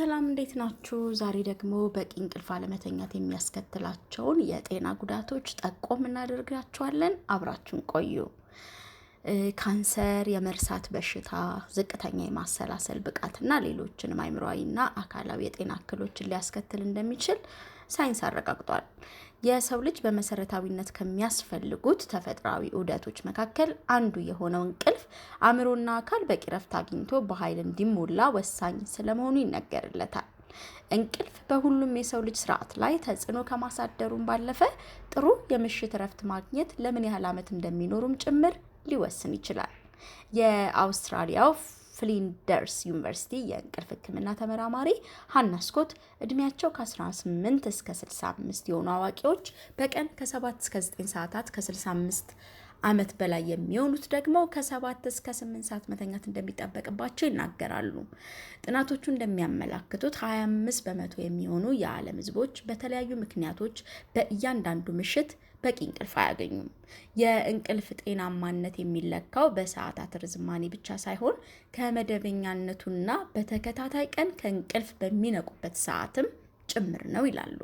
ሰላም እንዴት ናችሁ? ዛሬ ደግሞ በቂ እንቅልፍ አለመተኛት የሚያስከትላቸውን የጤና ጉዳቶች ጠቆም እናደርጋችኋለን። አብራችሁን ቆዩ። ካንሰር፣ የመርሳት በሽታ፣ ዝቅተኛ የማሰላሰል ብቃትና ሌሎችንም አእምሯዊና አካላዊ የጤና እክሎችን ሊያስከትል እንደሚችል ሳይንስ አረጋግጧል። የሰው ልጅ በመሰረታዊነት ከሚያስፈልጉት ተፈጥሯዊ ዑደቶች መካከል አንዱ የሆነው እንቅልፍ አእምሮና አካል በቂ ረፍት አግኝቶ በኃይል እንዲሞላ ወሳኝ ስለመሆኑ ይነገርለታል። እንቅልፍ በሁሉም የሰው ልጅ ስርዓት ላይ ተጽዕኖ ከማሳደሩም ባለፈ ጥሩ የምሽት እረፍት ማግኘት ለምን ያህል ዓመት እንደሚኖሩም ጭምር ሊወስን ይችላል። የአውስትራሊያው ፍሊንደርስ ዩኒቨርሲቲ የእንቅልፍ ሕክምና ተመራማሪ ሀና ስኮት እድሜያቸው ከ18 እስከ 65 የሆኑ አዋቂዎች በቀን ከ7 እስከ 9 ሰዓታት ከ65 ዓመት በላይ የሚሆኑት ደግሞ ከ7 እስከ 8 ሰዓት መተኛት እንደሚጠበቅባቸው ይናገራሉ። ጥናቶቹ እንደሚያመላክቱት 25 በመቶ የሚሆኑ የዓለም ሕዝቦች በተለያዩ ምክንያቶች በእያንዳንዱ ምሽት በቂ እንቅልፍ አያገኙም። የእንቅልፍ ጤናማነት የሚለካው በሰዓታት ርዝማኔ ብቻ ሳይሆን ከመደበኛነቱና በተከታታይ ቀን ከእንቅልፍ በሚነቁበት ሰዓትም ጭምር ነው ይላሉ።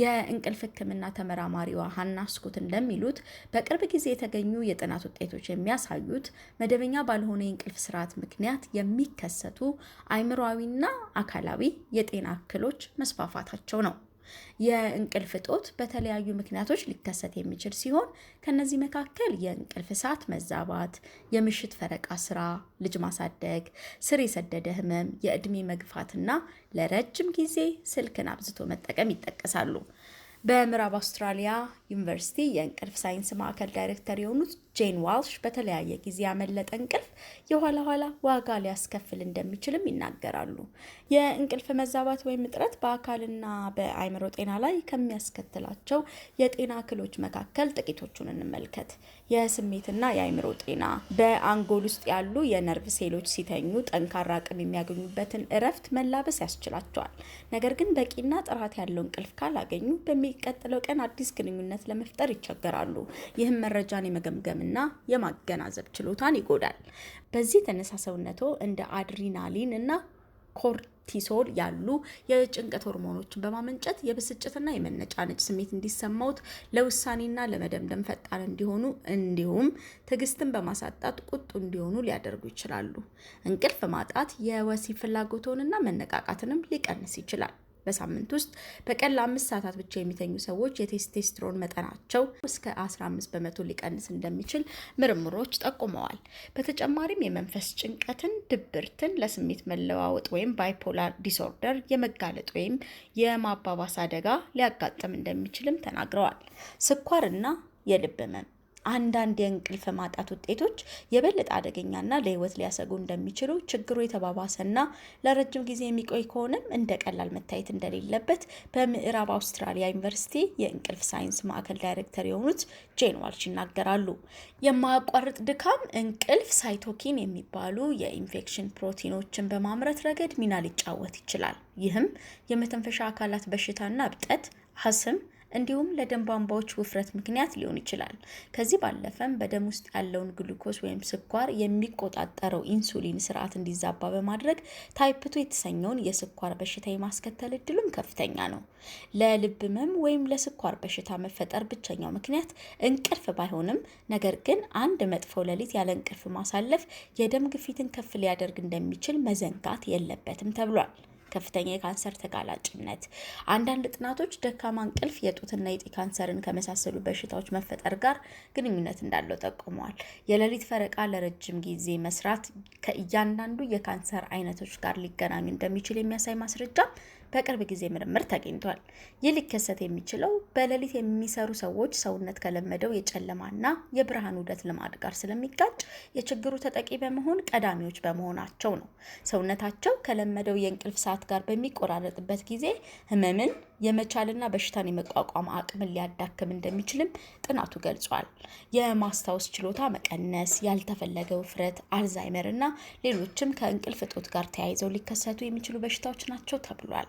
የእንቅልፍ ሕክምና ተመራማሪዋ ሀና ስኩት እንደሚሉት በቅርብ ጊዜ የተገኙ የጥናት ውጤቶች የሚያሳዩት መደበኛ ባልሆነ የእንቅልፍ ስርዓት ምክንያት የሚከሰቱ አይምሯዊና አካላዊ የጤና እክሎች መስፋፋታቸው ነው። የእንቅልፍ እጦት በተለያዩ ምክንያቶች ሊከሰት የሚችል ሲሆን ከነዚህ መካከል የእንቅልፍ ሰዓት መዛባት፣ የምሽት ፈረቃ ስራ፣ ልጅ ማሳደግ፣ ስር የሰደደ ህመም፣ የእድሜ መግፋትና ለረጅም ጊዜ ስልክን አብዝቶ መጠቀም ይጠቀሳሉ። በምዕራብ አውስትራሊያ ዩኒቨርሲቲ የእንቅልፍ ሳይንስ ማዕከል ዳይሬክተር የሆኑት ጄን ዋልሽ በተለያየ ጊዜ ያመለጠ እንቅልፍ የኋላ ኋላ ዋጋ ሊያስከፍል እንደሚችልም ይናገራሉ። የእንቅልፍ መዛባት ወይም እጥረት በአካልና በአይምሮ ጤና ላይ ከሚያስከትላቸው የጤና እክሎች መካከል ጥቂቶቹን እንመልከት። የስሜትና የአይምሮ ጤና በአንጎል ውስጥ ያሉ የነርቭ ሴሎች ሲተኙ ጠንካራ አቅም የሚያገኙበትን እረፍት መላበስ ያስችላቸዋል። ነገር ግን በቂና ጥራት ያለው እንቅልፍ ካላገኙ በሚቀጥለው ቀን አዲስ ግንኙነት ለመፍጠር ይቸገራሉ። ይህም መረጃን የመገምገም የማሰብና የማገናዘብ ችሎታን ይጎዳል። በዚህ የተነሳ ሰውነቶ እንደ አድሪናሊን እና ኮርቲሶል ያሉ የጭንቀት ሆርሞኖችን በማመንጨት የብስጭትና የመነጫነጭ ስሜት እንዲሰማውት፣ ለውሳኔና ለመደምደም ፈጣን እንዲሆኑ እንዲሁም ትዕግስትን በማሳጣት ቁጡ እንዲሆኑ ሊያደርጉ ይችላሉ። እንቅልፍ ማጣት የወሲብ ፍላጎቶንና መነቃቃትንም ሊቀንስ ይችላል። በሳምንት ውስጥ በቀን ለአምስት ሰዓታት ብቻ የሚተኙ ሰዎች የቴስቴስትሮን መጠናቸው እስከ 15 በመቶ ሊቀንስ እንደሚችል ምርምሮች ጠቁመዋል። በተጨማሪም የመንፈስ ጭንቀትን፣ ድብርትን፣ ለስሜት መለዋወጥ ወይም ባይፖላር ዲስኦርደር የመጋለጥ ወይም የማባባስ አደጋ ሊያጋጥም እንደሚችልም ተናግረዋል። ስኳርና የልብ ህመም አንዳንድ የእንቅልፍ ማጣት ውጤቶች የበለጠ አደገኛና ለህይወት ሊያሰጉ እንደሚችሉ ችግሩ የተባባሰና ለረጅም ጊዜ የሚቆይ ከሆነም እንደ ቀላል መታየት እንደሌለበት በምዕራብ አውስትራሊያ ዩኒቨርሲቲ የእንቅልፍ ሳይንስ ማዕከል ዳይሬክተር የሆኑት ጄን ይናገራሉ። የማያቋርጥ ድካም እንቅልፍ ሳይቶኪን የሚባሉ የኢንፌክሽን ፕሮቲኖችን በማምረት ረገድ ሚና ሊጫወት ይችላል። ይህም የመተንፈሻ አካላት በሽታና እብጠት፣ አስም እንዲሁም ለደም ቧንቧዎች ውፍረት ምክንያት ሊሆን ይችላል። ከዚህ ባለፈም በደም ውስጥ ያለውን ግሉኮስ ወይም ስኳር የሚቆጣጠረው ኢንሱሊን ስርዓት እንዲዛባ በማድረግ ታይፕቱ የተሰኘውን የስኳር በሽታ የማስከተል እድሉም ከፍተኛ ነው። ለልብ ህመም ወይም ለስኳር በሽታ መፈጠር ብቸኛው ምክንያት እንቅልፍ ባይሆንም ነገር ግን አንድ መጥፎ ሌሊት ያለ እንቅልፍ ማሳለፍ የደም ግፊትን ከፍ ሊያደርግ እንደሚችል መዘንጋት የለበትም ተብሏል። ከፍተኛ የካንሰር ተጋላጭነት። አንዳንድ ጥናቶች ደካማ እንቅልፍ የጡትና የጢ ካንሰርን ከመሳሰሉ በሽታዎች መፈጠር ጋር ግንኙነት እንዳለው ጠቁመዋል። የሌሊት ፈረቃ ለረጅም ጊዜ መስራት ከእያንዳንዱ የካንሰር አይነቶች ጋር ሊገናኙ እንደሚችል የሚያሳይ ማስረጃ በቅርብ ጊዜ ምርምር ተገኝቷል። ይህ ሊከሰት የሚችለው በሌሊት የሚሰሩ ሰዎች ሰውነት ከለመደው የጨለማና የብርሃን ውደት ልማድ ጋር ስለሚጋጭ የችግሩ ተጠቂ በመሆን ቀዳሚዎች በመሆናቸው ነው። ሰውነታቸው ከለመደው የእንቅልፍ ሰዓት ጋር በሚቆራረጥበት ጊዜ ህመምን የመቻልና በሽታን የመቋቋም አቅምን ሊያዳክም እንደሚችልም ጥናቱ ገልጿል። የማስታወስ ችሎታ መቀነስ፣ ያልተፈለገ ውፍረት፣ አልዛይመር እና ሌሎችም ከእንቅልፍ እጦት ጋር ተያይዘው ሊከሰቱ የሚችሉ በሽታዎች ናቸው ተብሏል።